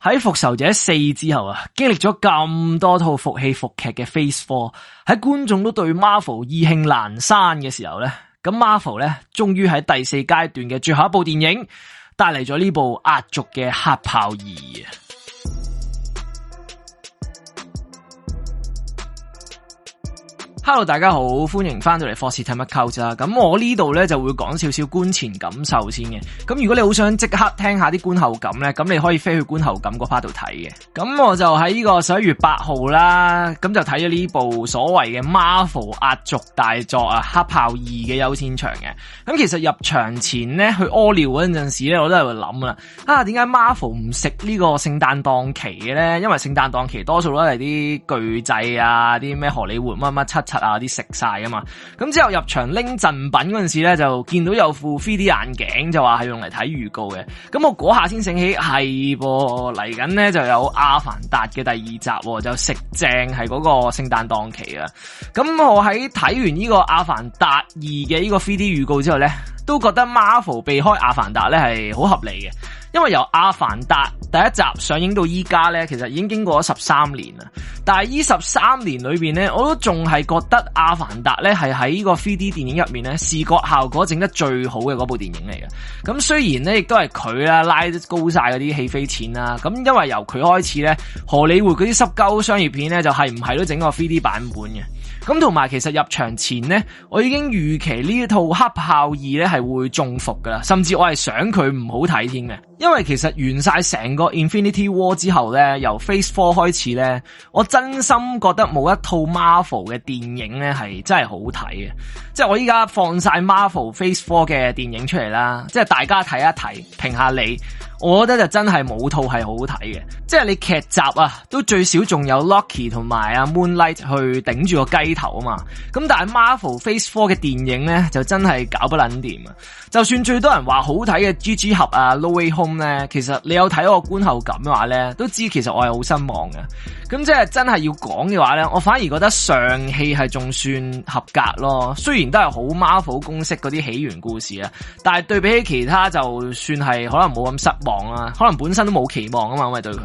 喺《復仇者四》之後啊，經歷咗咁多套伏戲伏劇嘅 Phase Four，喺觀眾都對 Marvel 意興闌珊嘅時候咧，咁 Marvel 咧，終於喺第四階段嘅最後一部電影帶嚟咗呢部壓軸嘅《黑豹二》啊。Hello，大家好，歡迎翻到嚟《霍士睇乜 Cult》咁我呢度呢，就會講少少觀前感受先嘅。咁如果你好想即刻聽下啲觀後感呢，咁你可以飛去觀後感嗰 part 度睇嘅。咁我就喺呢個十一月八號啦，咁就睇咗呢部所謂嘅 Marvel 壓軸大作啊《黑豹二》嘅優先場嘅。咁其實入場前呢，去屙尿嗰陣時呢，我都喺度諗啦。啊，點解 Marvel 唔食呢個聖誕檔期嘅呢？」因為聖誕檔期多數都係啲巨製啊，啲咩荷里活乜乜七七。啊！啲食晒啊嘛，咁之後入場拎贈品嗰陣時咧，就見到有副 3D 眼鏡，就話係用嚟睇預告嘅。咁我嗰下先醒起係噃，嚟緊咧就有《阿凡達》嘅第二集，就食正係嗰個聖誕檔期喇！咁我喺睇完呢個《阿凡達二》嘅呢個 3D 預告之後咧，都覺得 Marvel 避開《阿凡達》咧係好合理嘅。因為由《阿凡達》第一集上映到依家呢，其實已經經過咗十三年啦。但係呢十三年裏邊呢，我都仲係覺得《阿凡達》呢係喺個 3D 電影入面呢，視覺效果整得最好嘅嗰部電影嚟嘅。咁雖然呢亦都係佢啦，拉高晒嗰啲戲飛錢啦。咁因為由佢開始呢，荷里活嗰啲濕鳩商業片呢，就係唔係都整個 3D 版本嘅。咁同埋，其實入場前呢，我已經預期呢一套黑豹二呢係會中伏㗎喇，甚至我係想佢唔好睇添嘅，因為其實完曬成個 Infinity War 之後呢，由 Phase Four 開始呢，我真心覺得冇一套 Marvel 嘅電影呢係真係好睇嘅，即係我依家放曬 Marvel Phase Four 嘅電影出嚟啦，即係大家睇一睇，評下你。我覺得就真係冇套係好睇嘅，即係你劇集啊，都最少仲有 Loki 同埋 Moonlight 去頂住個雞頭啊嘛。咁但係 Marvel Phase Four 嘅電影呢，就真係搞不撚掂啊！就算最多人話好睇嘅蜘蛛俠啊 No Way Home 呢，其實你有睇我觀後感嘅話呢，都知其實我係好失望嘅。咁即係真係要講嘅話呢，我反而覺得上戲係仲算合格咯。雖然都係好 Marvel 公式嗰啲起源故事啊，但係對比起其他，就算係可能冇咁失望。望啊，可能本身都冇期望啊嘛，因為對佢。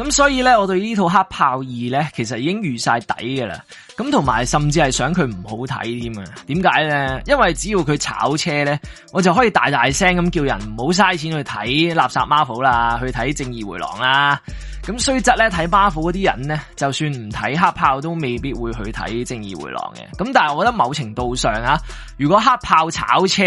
咁所以呢，我對呢套黑豹二呢，其實已經預晒底嘅啦。咁同埋，甚至係想佢唔好睇添啊。點解呢？因為只要佢炒車呢，我就可以大大聲咁叫人唔好嘥錢去睇垃圾 Marvel 啦，去睇正義回廊啦。咁雖則呢，睇 Marvel 嗰啲人呢，就算唔睇黑豹都未必會去睇正義回廊嘅。咁但係，我覺得某程度上啊，如果黑豹炒車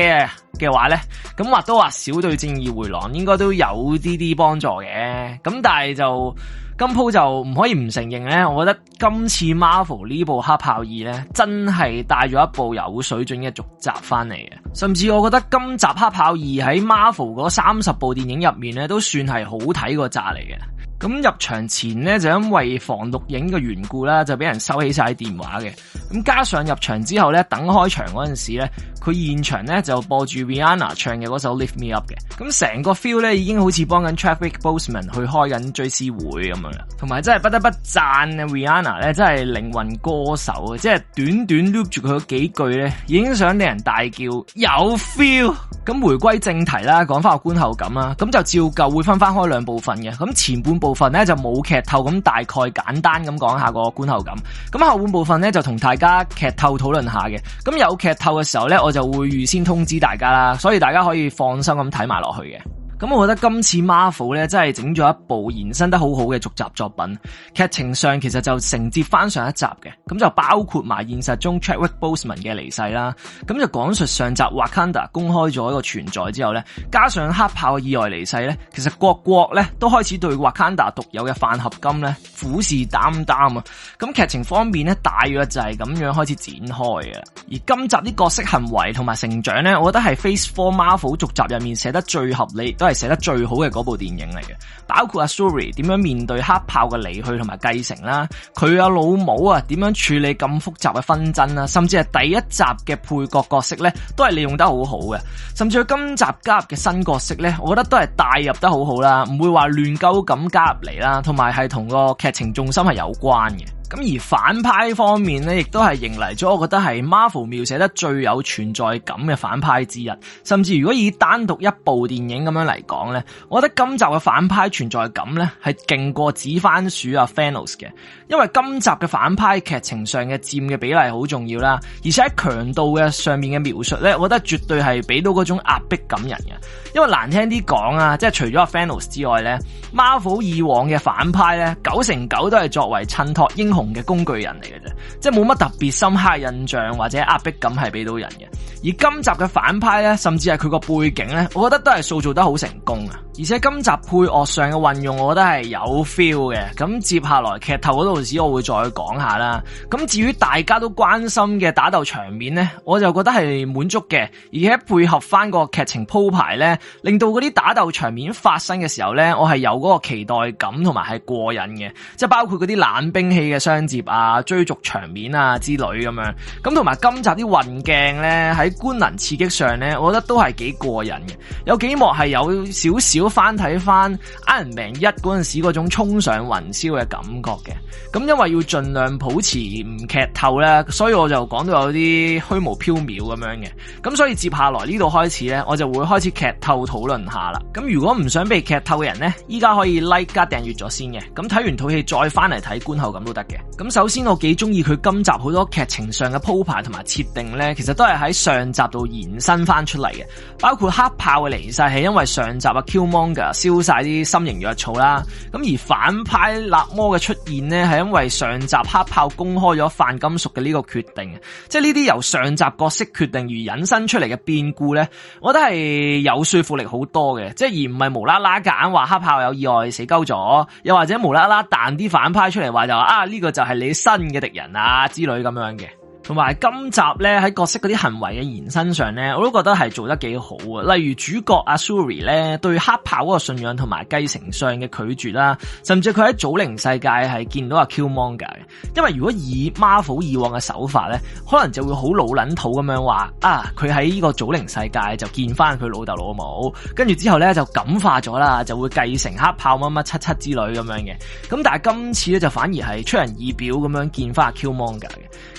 嘅話呢，咁或多或少對正義回廊應該都有啲啲幫助嘅。咁但係就，今鋪就唔可以唔承認呢。我覺得今次 Marvel 呢部《黑豹二》呢，真係帶咗一部有水準嘅續集翻嚟嘅，甚至我覺得今集《黑豹二》喺 Marvel 嗰三十部電影入面呢，都算係好睇個集嚟嘅。咁入場前呢，就因為防錄影嘅緣故啦，就俾人收起晒電話嘅。咁加上入場之後呢，等開場嗰陣時呢，佢現場呢，就播住 Rihanna 唱嘅嗰首《Lift Me Up》嘅。咁成個 feel 呢，已經好似幫緊 Chadwick Boseman 去開緊追思會咁樣。同埋真係不得不讚 Rihanna 呢，真係靈魂歌手啊！即係短短 loop 住佢幾句呢，已經想令人大叫有 feel。咁回歸正題啦，講翻個觀後感啦，咁就照舊會分翻開兩部分嘅。咁前半部。部分咧，就冇劇透咁，大概簡單咁講下個觀後感。咁後半部分咧，就同大家劇透討論下嘅。咁有劇透嘅時候咧，我就會預先通知大家啦，所以大家可以放心咁睇埋落去嘅。咁我覺得今次 Marvel 咧，真係整咗一部延伸得好好嘅續集作品。劇情上其實就承接翻上，上一集嘅，咁就包括埋現實中 Chadwick Boseman 嘅離世啦。咁就講述上集 Wakanda 公開咗一個存在之後呢，加上黑豹意外離世呢，其實各國呢都開始對 Wakanda 獨有嘅飯合金呢虎視眈眈啊。咁劇情方面呢，大約就係咁樣開始展開嘅。而今集啲角色行為同埋成長呢，我覺得係 Phase Four Marvel 續集入面寫得最合理，都係寫得最好嘅嗰部電影嚟嘅，包括阿 Suri 點樣面對黑豹嘅離去同埋繼承啦，佢阿老母啊點樣處理咁複雜嘅紛爭啦，甚至係第一集嘅配角角色咧，都係利用得好好嘅，甚至佢今集加入嘅新角色咧，我覺得都係帶入得好好啦，唔會話亂鳩咁加入嚟啦，同埋係同個劇情重心係有關嘅。咁而反派方面咧，亦都係迎嚟咗，我覺得係 Marvel 描寫得最有存在感嘅反派之一。甚至如果以單獨一部電影咁樣嚟講咧，我覺得今集嘅反派存在感咧係勁過紫番薯啊 Thanos 嘅。因為今集嘅反派劇情上嘅佔嘅比例好重要啦，而且喺強度嘅上面嘅描述咧，我覺得絕對係俾到嗰種壓迫感人嘅。因為難聽啲講啊，即係除咗啊 Thanos 之外咧，Marvel 以往嘅反派咧，九成九都係作為襯托英雄。嘅工具人嚟嘅啫，即係冇乜特別深刻印象或者壓迫感係俾到人嘅。而今集嘅反派咧，甚至係佢個背景咧，我覺得都係塑造得好成功啊。而且今集配樂上嘅運用，我覺得係有 feel 嘅。咁接下來劇透度時，那裏我會再講下啦。咁至於大家都關心嘅打鬥場面咧，我就覺得係滿足嘅，而且配合翻個劇情鋪排咧，令到啲打鬥場面發生嘅時候咧，我係有嗰個期待感同埋係過癮嘅。即係包括啲冷兵器嘅相接啊、追逐場面啊之類咁樣。咁同埋今集啲運鏡咧，喺官能刺激上咧，我覺得都係幾過癮嘅。有幾幕係有少少。都翻睇翻 Iron Man 1嗰陣時嗰種衝上雲霄嘅感覺嘅。咁因為要盡量保持唔劇透咧，所以我就講到有啲虛無縹緲咁樣嘅，咁所以接下來呢度開始呢，我就會開始劇透討論下啦。咁如果唔想被劇透嘅人呢，依家可以 like 加訂閱咗先嘅。咁睇完套戲再翻嚟睇觀後感都得嘅。咁首先我幾中意佢今集好多劇情上嘅鋪排同埋設定呢，其實都係喺上集度延伸翻出嚟嘅，包括黑豹嘅離世係因為上集啊 Q。燒晒啲心形藥草啦，咁而反派納摩嘅出現呢，係因為上集黑豹公開咗泛金屬嘅呢個決定，即係呢啲由上集角色決定而引申出嚟嘅變故呢，我覺得係有說服力好多嘅，即係而唔係無啦啦夾硬話黑豹有意外死鳩咗，又或者無啦啦彈啲反派出嚟話就話啊，呢個就係你新嘅敵人啊之類咁樣嘅。同埋今集咧喺角色嗰啲行為嘅延伸上咧，我都覺得係做得幾好啊！例如主角阿 Suri 咧對黑豹嗰個信仰同埋繼承上嘅拒絕啦，甚至佢喺祖靈世界係見到阿 Killmonger 嘅。因為如果以 Marvel 以往嘅手法咧，可能就會好老撚土咁樣話啊，佢喺呢個祖靈世界就見翻佢老豆老母，跟住之後咧就感化咗啦，就會繼承黑豹乜乜七七之類咁樣嘅。咁但係今次咧就反而係出人意表咁樣見翻阿 Killmonger 嘅，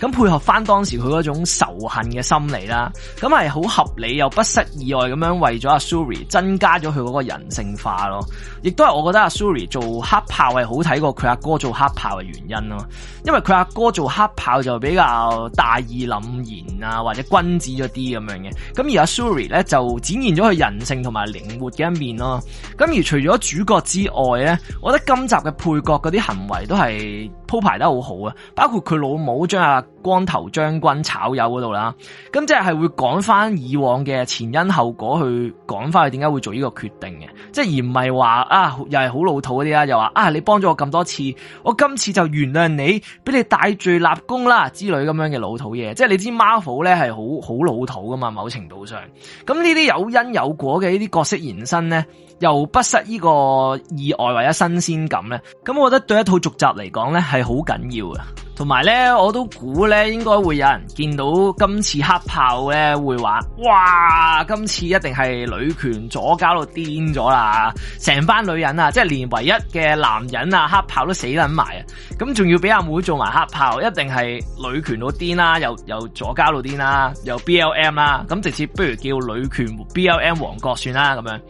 咁配合翻。翻當時佢嗰種仇恨嘅心理啦，咁係好合理又不失意外咁樣為咗阿 Suri 增加咗佢嗰個人性化咯，亦都係我覺得阿 Suri 做黑豹係好睇過佢阿哥做黑豹嘅原因咯，因為佢阿哥做黑豹就比較大義凜然啊，或者君子咗啲咁樣嘅。咁而阿 Suri 咧就展現咗佢人性同埋靈活嘅一面咯，咁而除咗主角之外咧，我覺得今集嘅配角嗰啲行為都係鋪排得好好啊！包括佢老母將阿光頭將軍炒友嗰度啦，咁即係會講翻以往嘅前因後果去講翻佢點解會做呢個決定嘅，即係而唔係話啊又係好老土嗰啲啦，又話啊你幫咗我咁多次，我今次就原諒你，俾你戴罪立功啦之類咁樣嘅老土嘢。即係你知 Marvel 咧係好好老土噶嘛，某程度上，咁呢啲有因有果嘅呢啲角色延伸咧，又不失呢個意外或者新鮮感咧，咁我覺得對一套續集嚟講咧係。好緊要啊！同埋咧，我都估咧，應該會有人見到今次黑豹咧，會話，哇，今次一定係女權左膠到癲咗啦！成班女人啊，即係連唯一嘅男人啊，黑豹都死捻埋啊！咁仲要俾阿妹，妹做埋黑豹，一定係女權到癲啦，又又左膠到癲啦，又 B L M 啦，咁直接不如叫女權 B L M 王國算啦咁樣。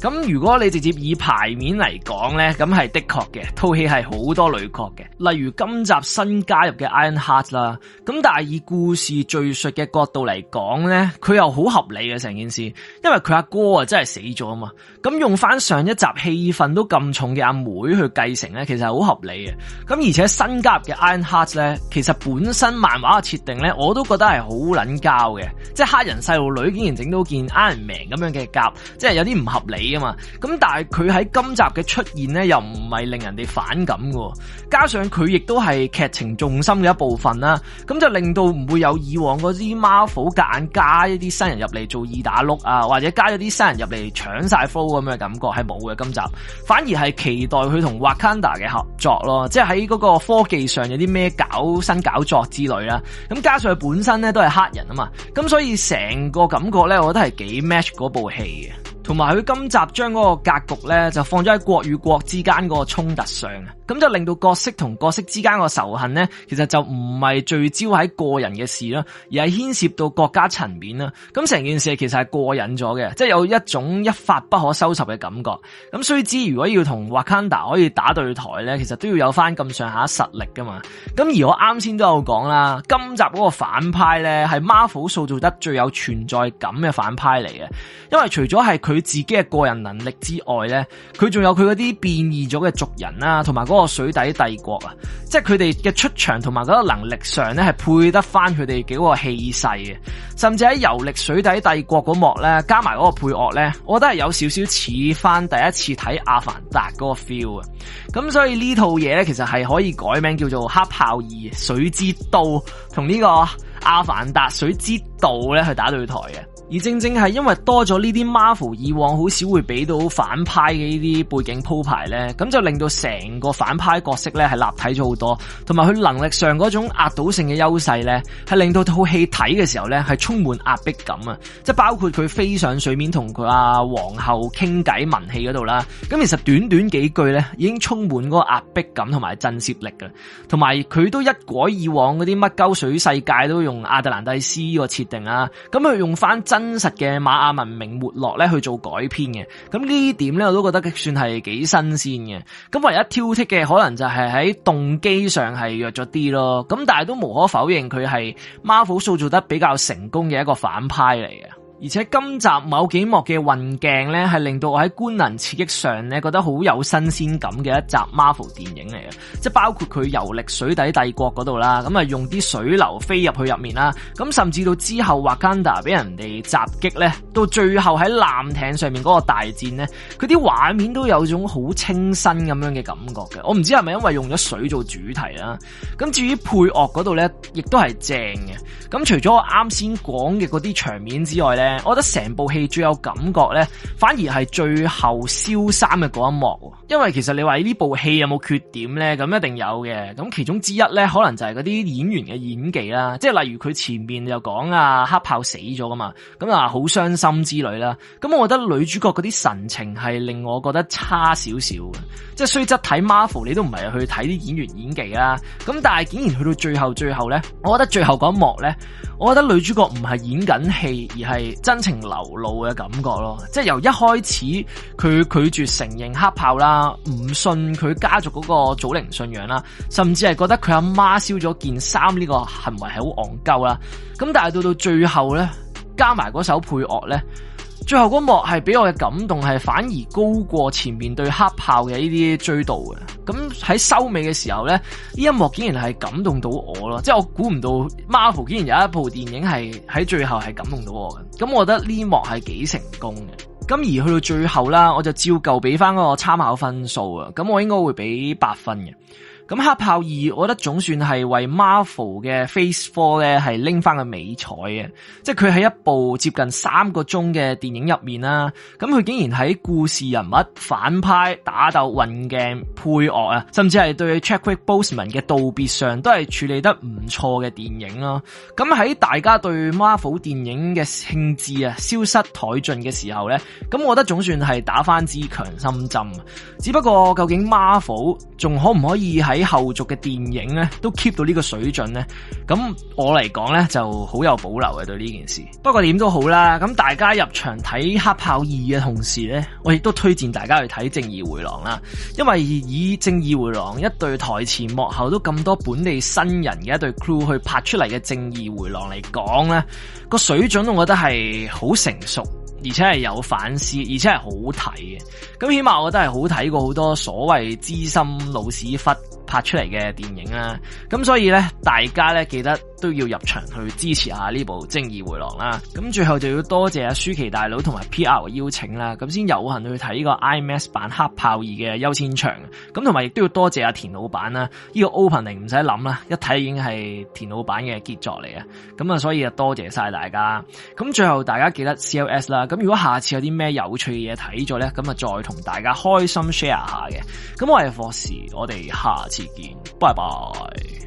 咁如果你直接以牌面嚟講咧，咁係的確嘅，套戲係好多女角嘅，例如今集新加入嘅 Ironheart 啦，咁但係以故事敘述嘅角度嚟講咧，佢又好合理嘅成件事，因為佢阿哥啊真係死咗啊嘛，咁用翻上一集戲份都咁重嘅阿妹，妹去繼承咧，其實好合理嘅。咁而且新加入嘅 Ironheart 咧，其實本身漫畫嘅設定咧，我都覺得係好捻交嘅，即係黑人細路女竟然整到件 Iron Man 咁樣嘅夾，即係有啲唔合理啊嘛。咁但係佢喺今集嘅出現咧，又唔係令人哋反感嘅，加上佢亦都係劇情重心嘅一部分啦，咁就令到唔會有以往嗰啲 Marvel 夾硬加一啲新人入嚟做二打六啊，或者加咗啲新人入嚟搶曬 flow 咁嘅感覺係冇嘅。今集反而係期待佢同 Wakanda 嘅合作咯，即係喺嗰個科技上有啲咩搞新搞作之類啦。咁加上佢本身咧都係黑人啊嘛，咁所以成個感覺咧，我覺得係幾 match 嗰部戲嘅。同埋佢今集將嗰個格局咧就放咗喺國與國之間嗰個衝突上。咁就令到角色同角色之間個仇恨咧，其實就唔係聚焦喺個人嘅事啦，而係牽涉到國家層面啦。咁成件事其實係過癮咗嘅，即係有一種一發不可收拾嘅感覺。咁雖知如果要同 Wakanda 可以打對台咧，其實都要有翻咁上下實力噶嘛。咁而我啱先都有講啦，今集嗰個反派咧係 Marvel 塑造得最有存在感嘅反派嚟嘅，因為除咗係佢自己嘅個人能力之外咧，佢仲有佢嗰啲變異咗嘅族人啊同埋嗰。個水底帝國啊，即係佢哋嘅出場同埋嗰個能力上呢，係配得翻佢哋幾個氣勢嘅，甚至喺遊歷水底帝國嗰幕呢，加埋嗰個配樂呢，我覺得係有少少似翻第一次睇阿凡達嗰個 feel 啊！咁所以呢套嘢呢，其實係可以改名叫做《黑豹二水之都》，同呢個《阿凡達水之都》呢去打對台嘅。而正正係因為多咗呢啲 Marvel 以往好少會俾到反派嘅呢啲背景鋪排咧，咁就令到成個反派角色咧係立體咗好多，同埋佢能力上嗰種壓倒性嘅優勢咧，係令到套戲睇嘅時候咧係充滿壓迫感啊！即係包括佢飛上水面同佢阿皇后傾偈文戲嗰度啦，咁其實短短幾句咧已經充滿嗰個壓迫感同埋震懾力噶，同埋佢都一改以往嗰啲乜鳩水世界都用亞特蘭蒂斯嗰個設定啊，咁佢用翻真真實嘅瑪雅文明沒落咧去做改編嘅，咁呢點咧我都覺得算係幾新鮮嘅。咁唯一挑剔嘅可能就係喺動機上係弱咗啲咯。咁但係都無可否認佢係 Marvel 塑造得比較成功嘅一個反派嚟嘅。而且今集某幾幕嘅運鏡咧，係令到我喺觀能刺激上咧，覺得好有新鮮感嘅一集 Marvel 電影嚟嘅，即係包括佢遊歷水底帝國嗰度啦，咁啊用啲水流飛入去入面啦，咁甚至到之後瓦干達俾人哋襲擊咧，到最後喺艦艇上面嗰個大戰咧，佢啲畫面都有種好清新咁樣嘅感覺嘅，我唔知係咪因為用咗水做主題啦，咁至於配樂嗰度咧，亦都係正嘅，咁除咗我啱先講嘅嗰啲場面之外咧。我覺得成部戲最有感覺呢，反而係最後燒衫嘅嗰一幕。因為其實你話呢部戲有冇缺點呢？咁一定有嘅。咁其中之一呢，可能就係嗰啲演員嘅演技啦。即係例如佢前面就講呀「黑豹死咗」噶嘛，咁啊好傷心之類啦。咁我覺得女主角嗰啲神情係令我覺得差少少嘅。即係雖則睇 Marvel，你都唔係去睇啲演員演技啦。咁但係竟然去到最後最後呢，我覺得最後嗰一幕呢，我覺得女主角唔係演緊戲，而係真情流露嘅感覺咯，即係由一開始佢拒絕承認黑豹啦，唔信佢家族嗰個祖靈信仰啦，甚至係覺得佢阿媽燒咗件衫呢個行為係好戇鳩啦，咁但係到到最後呢，加埋嗰首配樂呢。最後嗰幕係俾我嘅感動係反而高過前面對黑豹嘅呢啲追悼嘅，咁喺收尾嘅時候呢，呢一幕竟然係感動到我咯，即係我估唔到 Marvel 竟然有一部電影係喺最後係感動到我嘅，咁我覺得呢幕係幾成功嘅，咁而去到最後啦，我就照舊俾翻嗰個參考分數啊，咁我應該會俾八分嘅。咁《黑豹二》我覺得總算係為 Marvel 嘅 Phase Four 咧，係拎翻個美彩嘅，即係佢係一部接近三個鐘嘅電影入面啦。咁佢竟然喺故事人物、反派、打鬥、運鏡、配樂啊，甚至係對 Chadwick Boseman 嘅道別上都係處理得唔錯嘅電影咯。咁喺大家對 Marvel 電影嘅興致啊消失殆盡嘅時候咧，咁我覺得總算係打翻支強心針。只不過究竟 Marvel 仲可唔可以喺？俾後續嘅電影呢都 keep 到呢個水準呢，咁我嚟講呢，就好有保留嘅對呢件事。不過點都好啦，咁大家入場睇《黑豹二》嘅同時呢，我亦都推薦大家去睇《正義回廊》啦。因為以《正義回廊》一對台前幕後都咁多本地新人嘅一對 crew 去拍出嚟嘅《正義回廊》嚟講，呢個水準我覺得係好成熟，而且係有反思，而且係好睇嘅。咁起碼我覺得係好睇過好多所謂資深老屎忽。拍出嚟嘅電影啦，咁所以咧，大家咧記得，都要入場去支持下呢部《正義迴廊》啦，咁最後就要多謝阿舒淇大佬同埋 P.R. 邀請啦，咁先有幸去睇呢個 IMAX 版《黑豹二》嘅優先場，咁同埋亦都要多謝阿田老闆啦，呢個 Opening 唔使諗啦，一睇已經係田老闆嘅傑作嚟嘅。咁啊所以啊多謝晒大家，咁最後大家記得 CLS 啦，咁如果下次有啲咩有趣嘅嘢睇咗咧，咁啊再同大家開心 share 下嘅，咁我係霍士，我哋下次見，拜拜。